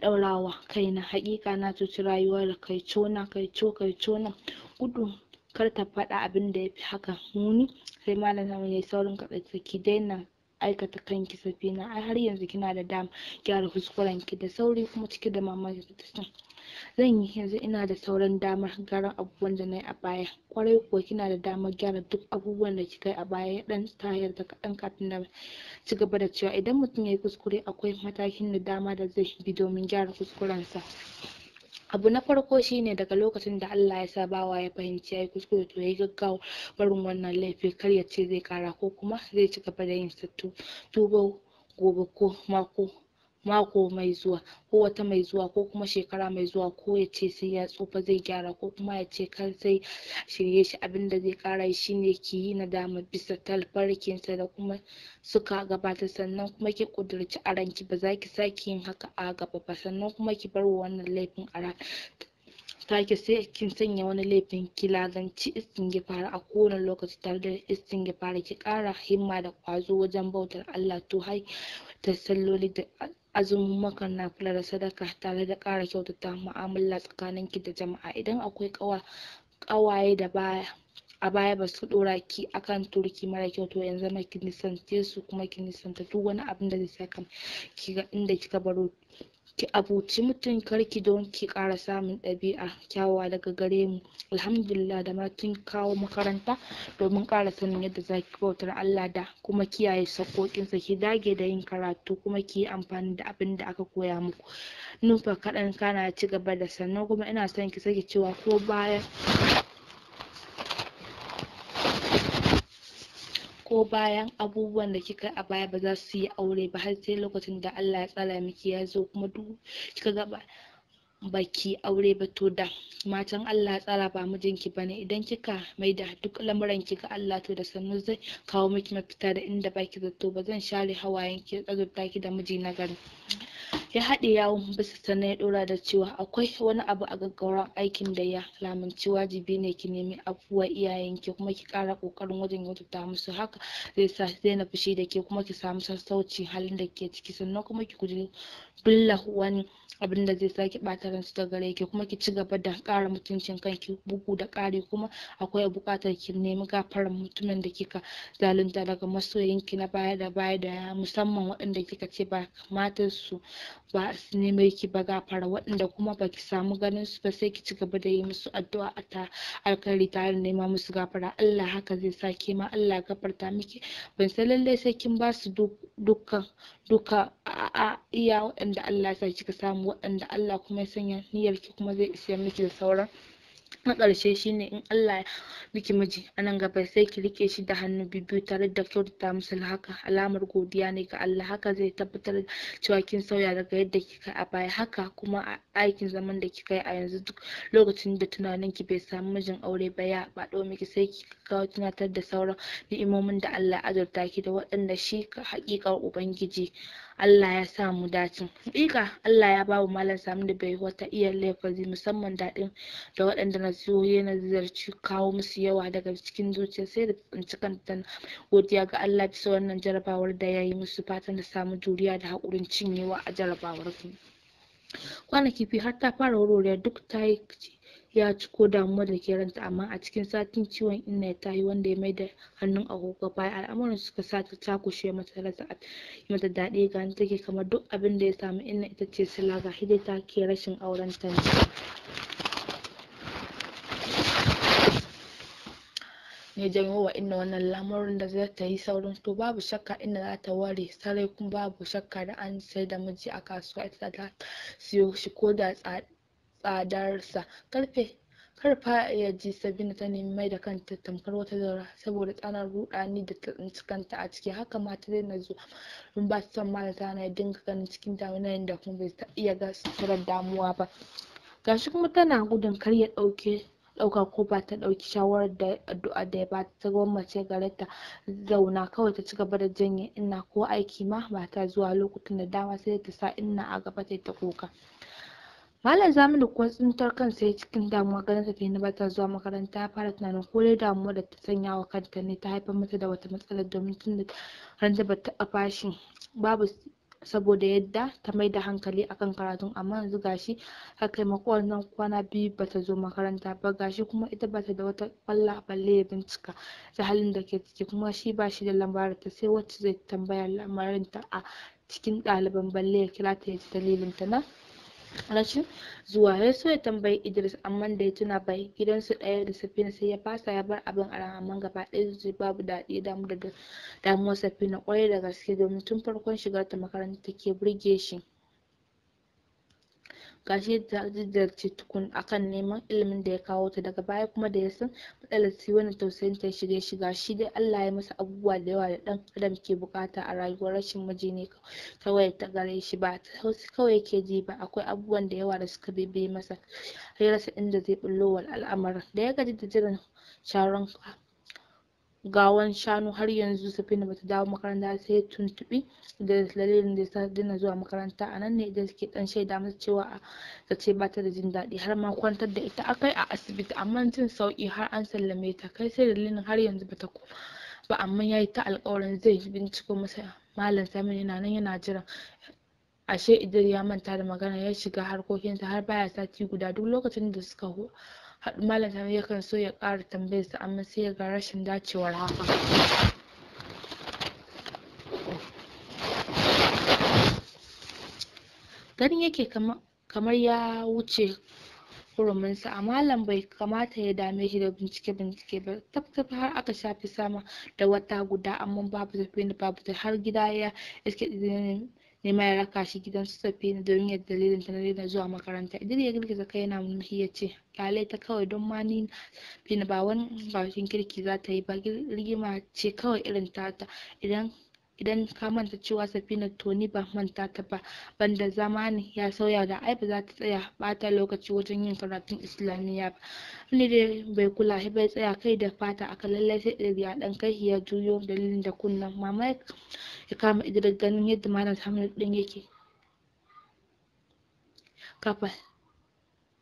ɗaurawa kaina haƙiƙa na cuci rayuwar kai cona kai co kai cona gudu kar ta faɗa abin da ya fi haka muni sai malam ya saurin kaɗa ki daina aikata kanki safina ai har yanzu kina da dam gyara kuskuren ki da sauri kuma cike da mamaki ta zan yi yanzu ina da sauran damar garan abubuwan da na a baya kwarai kuwa kina da damar gyara duk abubuwan da kika yi a baya dan tayar da kaɗan kafin na ci gaba da cewa idan mutum ya yi kuskure akwai matakin da dama da zai bi domin gyara kuskurensa abu na farko shine daga lokacin da Allah ya sa bawa ya fahimci yi kuskure to ya yi gaggawa barin wannan laifi kar ya ce zai kara ko kuma zai ci gaba da yin sa tubo gobe ko mako mako mai zuwa ko wata mai zuwa ko kuma shekara mai zuwa ko ya ce sai ya tsufa zai gyara ko kuma ya ce kan sai shirye shi abin da zai kara shi ne ki yi dama bisa talfarkinsa da kuma suka gabata sannan kuma ki kudurci a ranki ba za ki sake yin haka a gaba ba sannan kuma ki bar wannan laifin a take sai kin sanya wani laifin ki lazanci fara a kowane lokaci tare da fara ki kara himma da kwazo wajen bautar Allah to hai ta salloli da azumin makan na kula da sadaka tare da ƙara kyautata mu'amala tsakanin ki da jama'a idan akwai ƙawaye da baya a baya ba su ɗora ki akan turki mara kyau to yanzu ma ki nisance su kuma ki nisanta duk wani abin da zai sa ki ga inda kika baro ki abuci mutum karki don ki kara samun ɗabi'a kyawawa daga gare mu alhamdulillah da matun kawo makaranta domin kara sanin yadda za ki bautar Allah da kuma kiyaye sakokinsa ki dage da yin karatu kuma ki yi amfani da abin da aka koya muku nufa kaɗan kana ci gaba da sannan kuma ina son ki sake cewa ko baya. ko bayan abubuwan da kika a baya ba za su yi aure ba har sai lokacin da Allah ya tsara miki ya zo kuma duk kika ga baki aure ba to da matan Allah ya tsara ba mijinki ba ne idan kika mai da duk lamuran ki ga Allah to da sannu zai kawo miki mafita da inda baki zato ba zan share hawayen ki tsazurta ki da miji na gari ya haɗe yawon bisa sannan ya ɗora da cewa akwai wani abu a gaggawar aikin da ya lamunci wajibi ne ki nemi abubuwa iyayenki kuma ki ƙara ƙoƙarin wajen ta musu haka zai sa zai na fushi da ke kuma ki samu sassauci halin da ke ciki sannan kuma ki guji bulla wani abin da zai sake ɓata ransu da gare ki kuma ki ci gaba da ƙara mutuncin kanki bugu da ƙari kuma akwai buƙatar ki nemi gafarar mutumin da kika zalunta daga masoyinki na baya da baya da musamman waɗanda kika ce ba kamata su ba su nemi ki ba gafara waɗanda kuma ba ki samu ganin su ba sai ki ci gaba da yi musu addu'a a ta alkhairi tare da nema musu gafara Allah haka zai sa ke ma Allah gafarta miki ban san lallai sai kin ba su duka duka a iya waɗanda Allah ya sa kika samu waɗanda Allah kuma ya sanya niyyar ki kuma zai isa miki da sauran na ƙarshe shine in Allah ya miki miji a nan gaba sai ki rike shi da hannu biyu tare da kyautata musu haka alamar godiya ne ga Allah haka zai tabbatar cewa kin sauya daga yadda kika a baya haka kuma a aikin zaman da kika yi a yanzu duk lokacin da tunanin ki bai samu mijin aure ba ya baɗo miki sai ki kawo tunatar da sauran ni'imomin da Allah ya azurta ki da waɗanda shi ka haƙiƙar ubangiji Allah ya sa mu dace hakika Allah ya bawa malam samun da bai wata iya lafazi musamman daɗin da waɗanda na nasihohi na ziyarci kawo musu yawa daga cikin zuciya sai da tsinci kanta godiya ga Allah bisa wannan jarabawar da ya yi musu fatan da samu juriya da haƙurin cinyewa a jarabawar su kwanaki fi har ta fara warware duk ta yi ya ci ko damuwar da ke ranta amma a cikin satin ciwon inna ya tahi wanda ya mai da hannun agogo baya al'amuran suka sa ta takushe mata rasa mata daɗi ga take kamar duk abin da ya samu inna ita ce sila ga hidai ta ke rashin auren ta ne janyo wa inna wannan lamarin da za ta yi saurin to babu shakka inda za ta ware sarai kuma babu shakka da an sai da miji a kasuwa ita ta siyo shi ko da tsada tsadarsa karfe karfa ya ji sabina ta nemi mai da kanta tamkar wata zaura saboda tsanar rudani da ta tsinci kanta a ciki haka ma ta daina zuwa in ba ta san malam ta na dinga ganin cikin damunan da kuma bai ta iya ga suturar damuwa ba gashi kuma tana gudun kar ya dauke dauka ko ba ta dauki shawarar da addu'a da ya ba ta gwammace gare ta zauna kawai ta ci gaba da janye ina ko aiki ma ba ta zuwa lokutan da dama sai ta sa ina a gaba ta ta kuka Malam Zaminu kuma tsintar kansa ya cikin damuwa ganin ta na bata zuwa makaranta ya fara tunanin ko dai damuwa da ta sanya wa kanta ne ta haifar mata da wata matsalar domin tun da ranta ba ta bashi babu saboda yadda ta mai da hankali akan karatu amma yanzu gashi a taimako wannan kwana biyu bata zo makaranta ba gashi kuma ita bata da wata kwalla balle ya bincika ta halin da ke ciki kuma shi ba shi da lambar ta sai wacce zai tambaya lamarin ta a cikin ɗaliban balle ya kira ta ya ji dalilin ta na rashin zuwa ya so ya tambayi idris amma da ya tuna bai gidansu ɗaya da safina sai ya fasa ya bar abin a amma gaba ɗaya zai babu daɗi ya damu da damuwar safina kwarai da gaske domin tun farkon shigar ta makaranta take burge shi gashi ta jiddarci tukun akan neman ilimin da ya kawo ta daga baya kuma da ya san matsalar sai wani tausayin ta shige shiga shi dai Allah ya masa abubuwa da yawa da dan adam ke bukata a rayuwar rashin miji ne kawai ta gare shi ba ta hausa kawai yake ji ba akwai abubuwan da yawa da suka bebe masa ya rasa inda zai bullowa al'amarin da ya gaji da jiran sharon gawan shanu har yanzu safina bata dawo makaranta sai tuntubi da dalilin da sa dina zuwa makaranta a nan ne idan suke dan shaida masa cewa ta ce ta da jin daɗi har ma kwantar da ita akai a asibiti amma jin sauki har an sallame ta kai sai dalilin har yanzu bata ko ba amma yayi ta alƙawarin zai binciko masa malam Saminu yana nan yana jiran ashe Idris ya manta da magana ya shiga harkokinsa har baya sati guda duk lokacin da suka haɗu malam ya yakan so ya ƙara tambayarsa amma sai ya ga rashin dacewar haka. Ganin yake kamar ya wuce huruminsa a malam bai kamata ya dame shi da bincike bincike ba tabtab har aka shafi sama da wata guda amma babu tafiya babu har gida ya iske neman ya raka shi gidan su safina domin ya dalilin ta na zuwa makaranta idan ya girgiza kai yana mulki ya ce lalai ta kawai don ma ni ba wani bakin kirki za ta yi ba rigima ce kawai irin tata idan idan ka manta cewa safina Toni ba manta ta ba banda zamani ya sauya da ai ba za ta tsaya bata lokaci wajen yin karatun islamiyya ba ni dai bai kula bai tsaya kai da fata aka lallai sai ɗari a ɗan kai ya juyo dalilin da kunnan mama ya kama idan ganin yadda malam hamid ɗin yake kafa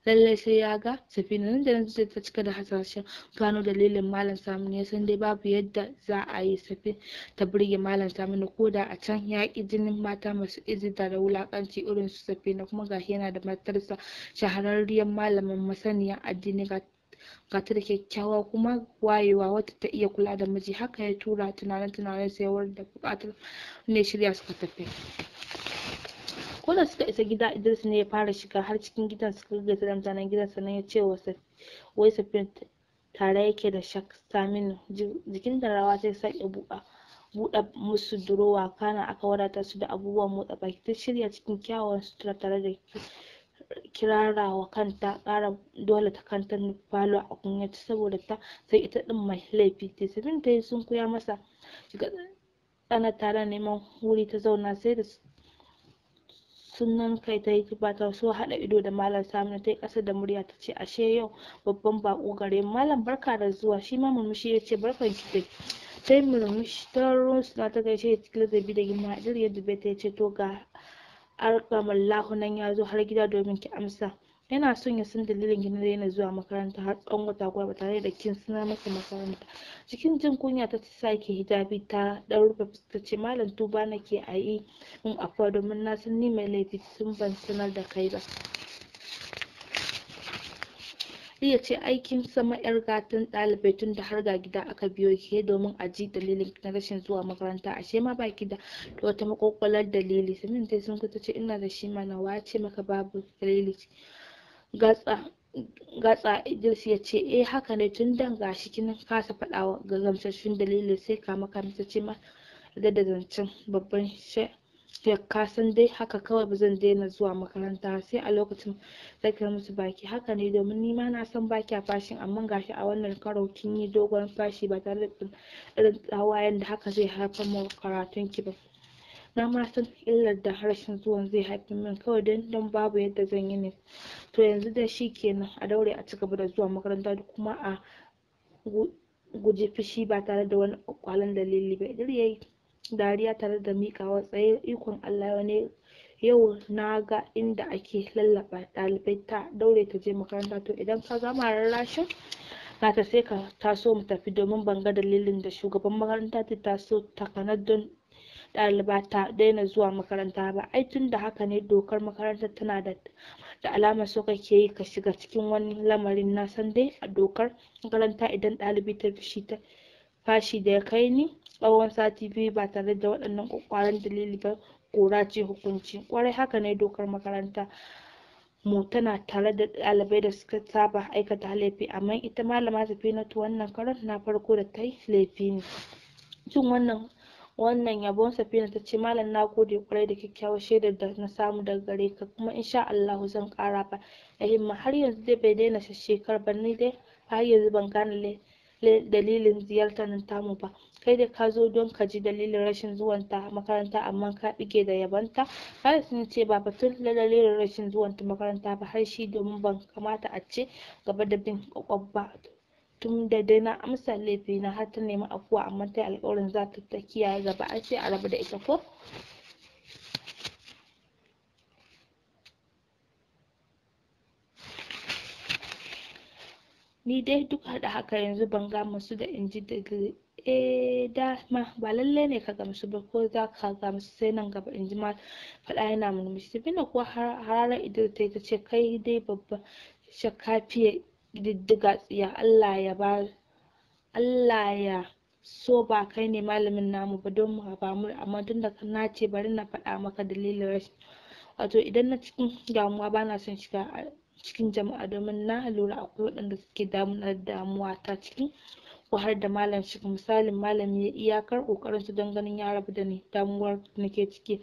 lallai sai ya ga safina nan da nan zuciya ta cika da hasashen gano dalilin malam samun ya san dai babu yadda za a yi safi ta burge malam samun ko da a can ya ƙi jinin mata masu izida da wulakanci irin su safina kuma gashi yana da matarsa shahararriyar malamin masaniya addini ga ga da kyakkyawa kuma wayewa wata ta iya kula da miji haka ya tura tunanin tunanin sayawar da bukatar ne shirya suka tafi ko da suka isa gida idris ne ya fara shiga har cikin gidan suka ga da mutanen gidan sannan ya ce wai safin tare yake da shak saminu jikin da rawa sai sake buɗa buɗe musu durowa kana aka wadata su da abubuwan motsa baki ta shirya cikin kyawawan sutura tare da kirarawa kanta ƙara dole ta kanta falo a kunyata saboda ta sai ita ɗin mai laifi tesafin ta yi sun koya masa shiga tsana tare neman wuri ta zauna sai da sunan kai ta yi ba ta so haɗa ido da malam saminu ta yi ƙasa da murya ta ce ashe yau babban baƙo gare malam barka da zuwa shi ma murmushi ya ce barkan ki sai murmushi ta na ta gaishe cikin ladabi da girma ajiyar yadda bai ta yi ce to ga alƙamar nan ya zo har gida domin ki amsa yana son ya san dalilin gina da daina zuwa makaranta har tsawon wata goma ba tare da kin suna masa makaranta cikin jin kunya ta sake hijabi ta dan rufe fuska ce malam tuba ke a yi in afuwa domin na san ni mai laifi tun ban sanar da kai ba iya ce aikin sama yar gatan ɗalibai tun da har ga gida aka biyo ki domin a ji dalilin na rashin zuwa makaranta ashe ma baki da wata makwakwalar dalili samin dai sun kuta ce ina da shi mana wace maka babu dalili gatsa Idris ya ce eh haka ne tun dan shi kin kasa faɗawa ga gamsashin dalilin sai ka makaranta ce ma da da zancen babban ya kasan dai haka kawai ba zan daina zuwa makaranta sai a lokacin tsakiyar musu baki haka ne domin nima na san baki a fashin amma gashi a wannan karo kin yi dogon fashi ba tare da irin tsawayen da haka zai haifar mu karatun ki ba na ma san illar da rashin zuwan zai haifi min kawai don don babu yadda zan yi ne to yanzu da shi kenan a daure a cigaba da zuwa makaranta da kuma a guji fushi ba tare da wani kwalan dalili ba idan yayi dariya tare da miƙawa tsaye ikon Allah ne yau na ga inda ake lallaba ɗalibai ta daure ta je makaranta to idan ka gama rarrashin ta sai ka taso mu tafi domin ban ga dalilin da shugaban makaranta ta taso takanar don ɗaliba ta daina zuwa makaranta ba ai tun da haka ne dokar makarantar tana da da alama so kake yi ka shiga cikin wani lamarin na san dai a dokar makaranta idan ɗalibi ta shi ta fashi da ya kai ni tsawon sati biyu ba tare da waɗannan ƙwaƙwaran dalili ba ƙura ce hukunci ƙwarai haka ne dokar makaranta mu tana tare da ɗalibai da suka saba aikata laifi amma ita malama Safinatu wannan karon na farko da ta yi laifi ne cin wannan wannan yabon Safina ta ce malam na gode kwarai da kyakkyawar shaidar da na samu daga gare ka kuma insha Allahu zan kara ba da himma har yanzu dai bai daina shekar ba ni dai har yanzu ban gane dalilin ziyartar tamu ba kai da ka zo don ka ji dalilin rashin zuwanta makaranta amma ka bige da yabanta har sun ce ba batun da dalilin rashin zuwan ta makaranta ba har shi domin ban kamata a ce gaba da bin kwakwabba ba tun da dai na amsa laifi na har ta nemi afuwa amma ta alƙawarin za ta ta kiyaye gaba an sai a rabu da ita ko ni dai duk haɗa haka yanzu ban ga masu da in ji daga da eh, dama ba lallai ne ka gamsu ba ko za ka gamsu sai nan gaba in ji ma faɗa yana murmushi na kuwa hararar idil ta yi ta ce kai dai babba shakka fiye ƙididdiga tsiya Allah ya ba Allah ya so ba kai ne malamin namu ba don mu ba mu amma tun da na ce bari na faɗa maka dalilin rashin wato idan na cikin damuwa ba na son shiga cikin jama'a domin na lura akwai waɗanda suke damuna da damuwa ta cikin ko har da malam shi misalin malami ya iyakar kokarin su don ganin ya rabu da ni damuwar da nake ciki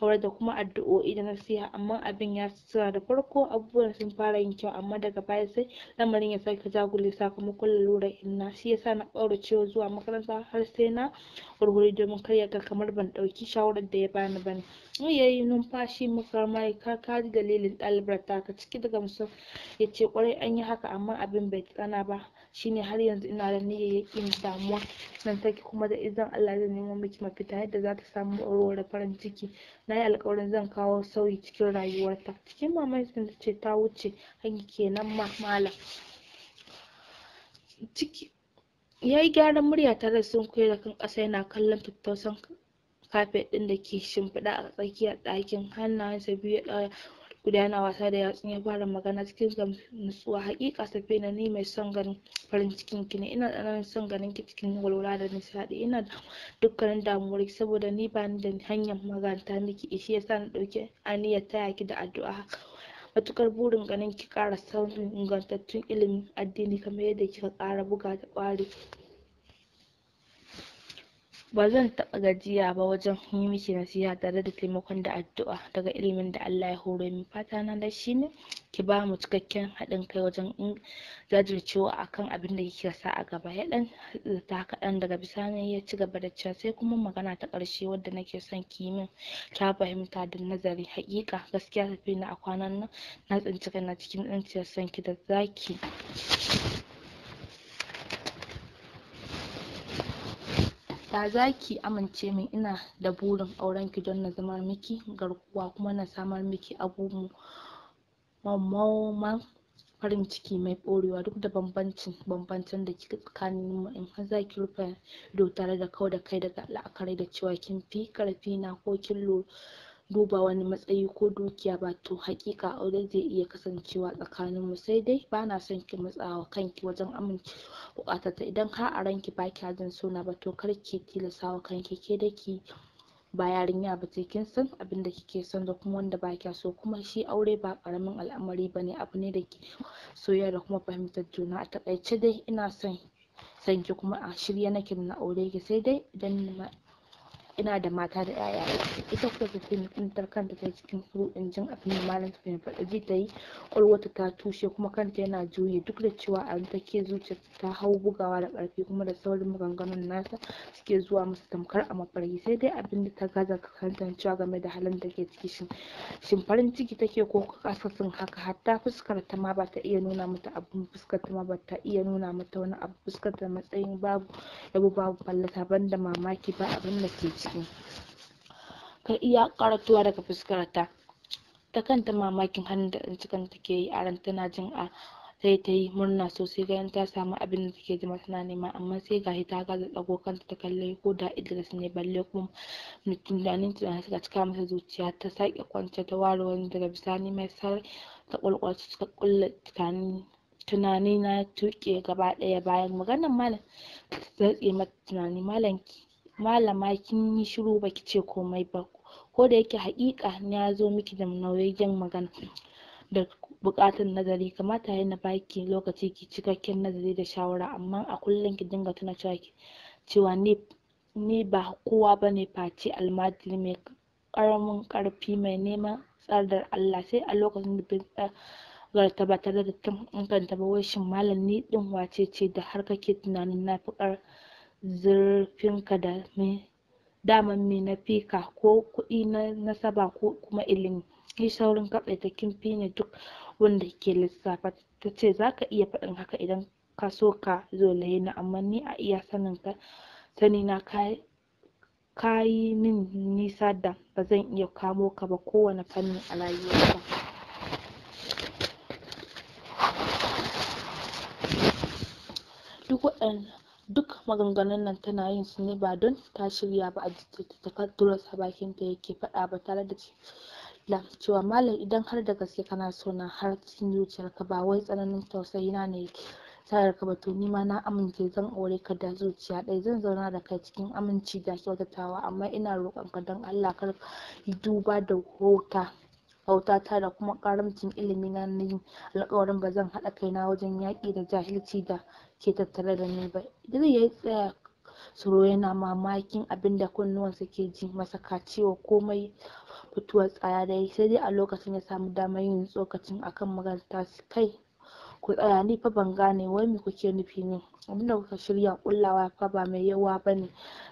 aure da kuma addu'o'i da nasiha amma abin ya tsira da farko abubuwan sun fara yin kyau amma daga baya sai lamarin ya sake jagule sakamakon lura inna shi yasa na cewa zuwa makaranta har sai na wurwuri domin kar ya ga kamar ban ɗauki shawarar da ya bani bane mun yi numfashi muka mai ka kaji dalilin ɗalibar taka ciki daga musu ya ce ƙwarai an yi haka amma abin bai tsana ba shine har yanzu ina da niyyar yakin damuwa nan take kuma da izan Allah zan nemo miki mafita yadda za ta samu aurora farin ciki na yi alƙawarin zan kawo sauyi cikin rayuwarta cikin mamakin sun ce ta wuce hanyar kenan ma malam ciki ya yi gyaran murya tare da koyar da kan ƙasa yana kallon tattausan kafet ɗin da ke shimfiɗa a tsakiyar ɗakin hannayensa biyu ya ɗaura guda yana wasa da yatsun ya fara magana cikin gamsuwa hakika na ni mai son ganin farin cikin ki ne ina tsananin son ganin ki cikin walwala da nishaɗi ina da dukkanin damuwar ki saboda ni ba ni da hanyar maganta miki ya yasa na dauke aniyar taya ki da addu'a matukar burin ganin ki kara samun ingantattun ilimin addini kamar yadda kika kara buga da kwari ba zan taɓa gajiya ba wajen yi miki nasiha tare da taimakon da addu'a daga ilimin da Allah ya hore min fata na da shine ki ba mu cikakken haɗin kai wajen jajircewa akan abin da kike sa a gaba ya dan ta kaɗan daga bisani ya ci gaba da cewa sai kuma magana ta ƙarshe wadda nake son ki yi min ta fahimta da nazari haƙiƙa gaskiya tafi na a kwanan nan na tsinci kaina cikin tsinciyar son ki da zaki ya zaki amince min ina da burin auren ki don na zama miki garkuwa kuma na samar miki abubuwan farin ciki mai ɓorewa duk da bambancin bambancin da kika tsakanin mu in har za ki rufe ido tare da kau da kai daga la'akari da cewa kin fi ƙarfi na ko kin lura duba wani matsayi ko dukiya ba to hakika aure zai iya kasancewa tsakanin mu sai dai ba na son ki matsawa kanki wajen amince bukatarta idan ka a ranki ba kya jin suna ba to kar ki tilasta wa kanki ke da ki ba yarinya ba ce kin san abin da kike son da kuma wanda ba kya so kuma shi aure ba karamin al'amari ba ne abu ne da ke soyayya da kuma fahimtar juna a takaice dai ina son sanki kuma a shirye nake na aure ki sai dai idan ina da mata da yaya ita kuwa ta taimakon ta kanta ta cikin furu in jin abin da malam su ne faɗa ji ta yi kwalwata ta tushe kuma kanta yana juye duk da cewa a ke zuciya ta hau bugawa da ƙarfi kuma da saurin maganganun nasa suke zuwa masa tamkar a mafarki sai dai abin da ta gaza cewa game da halin da ke ciki shin shin farin ciki take ko kasasin haka hatta fuskar ta ma ba ta iya nuna mata abin fuskar ta ma ba ta iya nuna mata wani abu fuskar ta matsayin babu yabo babu fallasa banda mamaki ba abin da ke ciki ciki ka iya karatuwa daga fuskarta ta kanta mamakin hannun da cikin take yi a ran tana jin a sai ta yi murna sosai ganin ta samu abin da take jima tana nema amma sai gashi ta gaza ɗago kanta ta kalle ko da Idris ne balle kuma mutum da nin tunanin suka cika masa zuciya ta sake kwance ta ware wani daga bisani mai sarai ta su suka kulle tunanin tunani na tuƙe gaba daya bayan maganar malam ta tsaye mata tunani malam malama kin yi shiru ki ce komai ba ko da yake haƙiƙa na zo miki da nauyin magana da buƙatar nazari kamata yi na baki lokaci ki cikakken nazari da shawara amma a kullum ki dinga tuna cewa cewa ni ni ba kowa bane face almajiri mai ƙaramin ƙarfi mai neman tsardar Allah sai a lokacin da bin ga tabbatar da tun kan ba wai shin malam ni din wace ce da har kake tunanin na fi zurfinka da me daman me na fika ko kuɗi na nasaba ko kuma ilimi yi saurin kaɓaita kin fi ne duk wanda ke lissafa ta ce za ka iya faɗin haka idan ka so ka zo na amma ni a iya sanin ka sani na ka yi min nisa da ba zan iya kamo ka ba kowane fanni a rayuwarka duk waɗannan duk maganganun nan tana yin su ne ba don ta shirya ba a ta duros sa bakin ta yake faɗa ba tare da da cewa malam idan har da gaske kana so na har cikin zuciyarka ba wai tsananin tausayi na ne tare ka ba to ni ma na amince zan aure ka da zuciya ɗaya zan zauna da kai cikin aminci da kyautatawa amma ina roƙon don Allah kar duba da hota bautata da kuma karamcin ilimi na yi alkawarin ba zan haɗa kaina wajen yaƙi da jahilci da ke tattare da ni ba idan ya tsaya tsoro yana mamakin abin da kunnuwansa ke ji masa cewa komai fituwa tsaya da sai dai a lokacin ya samu damar yin tsokacin akan maganar kai ku tsaya ni fa ban gane wai me kuke nufi ne abinda kuka shirya kullawa ka ba mai yawa bane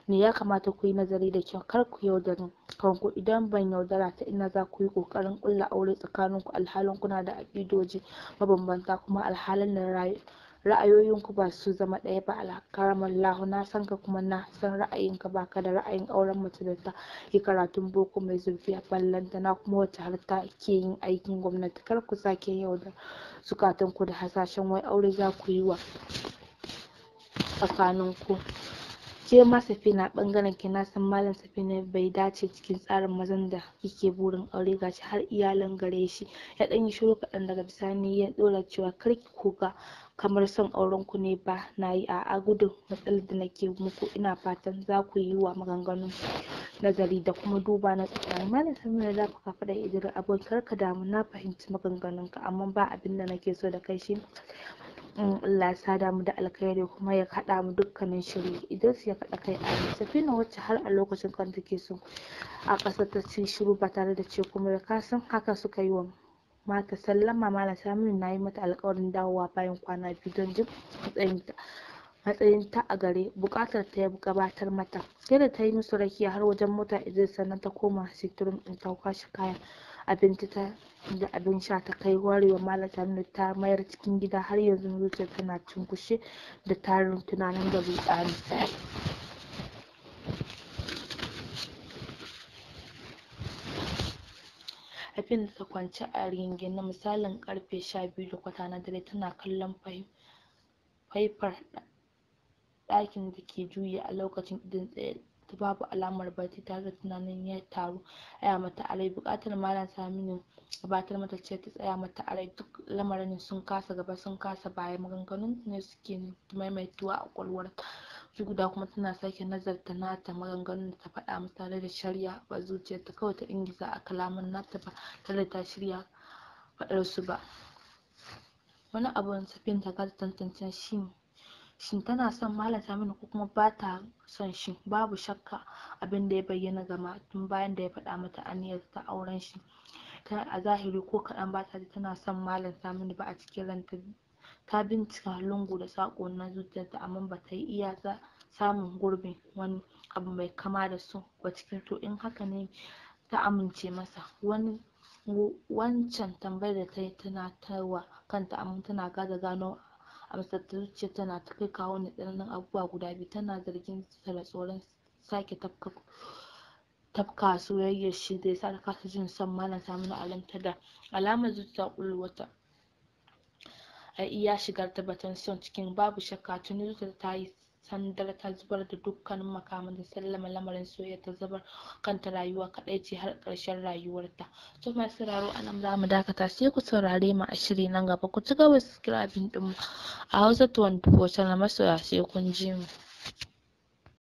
ne ya kamata ku yi nazari da kyau kar ku yaudari kanku idan ban yaudara ta ina za ku yi ƙoƙarin kulla aure tsakanin ku alhalin kuna da akidoji mabambanta kuma alhalin da ra'ayoyin ra'ayoyinku ba su zama ɗaya ba alkaramallahu na san ka kuma na san ra'ayinka ba baka da ra'ayin auren mace da ta yi karatun boko mai zurfi a ballanta na kuma wata har ta ke yin aikin gwamnati kar ku sake yaudara da ku da hasashen wai aure za ku yi wa ku ke ma safina bangaren ki na san malam safina bai dace cikin tsarin mazan da kike burin aure gashi har iyalan gare shi ya dan yi shiru kaɗan daga bisani ya dora cewa kar ki kuka kamar son auren ku ne ba na yi a gudun matsalar da nake muku ina fatan za ku yi wa maganganun nazari da kuma duba na tsakanin malam safina za kafa da idan abokar ka damu na fahimci maganganun ka amma ba abin da nake so da kai shi Allah ya sada mu da alkhairi kuma ya kaɗa mu dukkanin shiri su ya kaɗa kai a safina wacce har a lokacin kan take so a ƙasar ta ci shiru ba tare da ce kuma ya kasan haka suka yi wa mata sallama mala samun na yi mata alkawarin dawowa bayan kwana biyu don jin matsayinta matsayin ta a gare bukatar ta ya gabatar mata sai da ta yi musu rakiya har wajen mota idan sannan ta koma sitirin ɗin ta kwashe kayan abinci ta da abin sha ta kai warewa malam nuna ta mayar cikin gida har yanzu zuciya tana cunkushe da tarin tunanin da zai tsani. abin da ta kwanci a na misalin karfe sha da kwata na dare tana kallon faifar ɗakin da ke juya a lokacin idon tsaye ta babu alamar barci tare da tunanin ya taru aya mata a rai buƙatar malam saminu gabatar mata ce ta tsaya mata a duk lamarin sun kasa gaba sun kasa baya maganganun ne suke maimaituwa a kwalwar su guda kuma tana sake nazarta nata maganganun da ta faɗa misali da shari'a ba zuciyarta kawai ta ingiza a kalaman nata ba tare ta shirya faɗar su ba wani abun safin ta kasa tantance shi shin tana son malam saminu ko kuma ba ta son shi babu shakka abin da ya bayyana gama tun bayan da ya faɗa mata aniyar ta auren shi ta a zahiri ko kaɗan ba ta tana son malam saminu ba a cikin ranta ta bincika lungu da saƙo na zuciyarta amma ba ta yi iya samun gurbin wani abu mai kama da su ba cikin to in haka ne ta amince masa wani wancan tambayar da ta yi tana tarwa kanta amma tana gaza gano amsar ta zuciya tana ta kai kawo ni tsananin abubuwa guda biyu tana zargin sa tsoron sake tafka tafka soyayyar shi da yasa ta kasa jin son malam saminu alamta da alamar zuciya ƙulwata a iya shigar ta batun son cikin babu shakka tuni zuciya ta yi sandar ta zubar da dukkanin makaman da sallama lamarin soyayya ta zubar kanta rayuwa kaɗai ce har karshen rayuwarta to masu sauraro a nan za mu dakata sai ku saurare mu a shiri nan gaba ku ci gaba din mu a hausa 24 channel masoya sai kun ji mu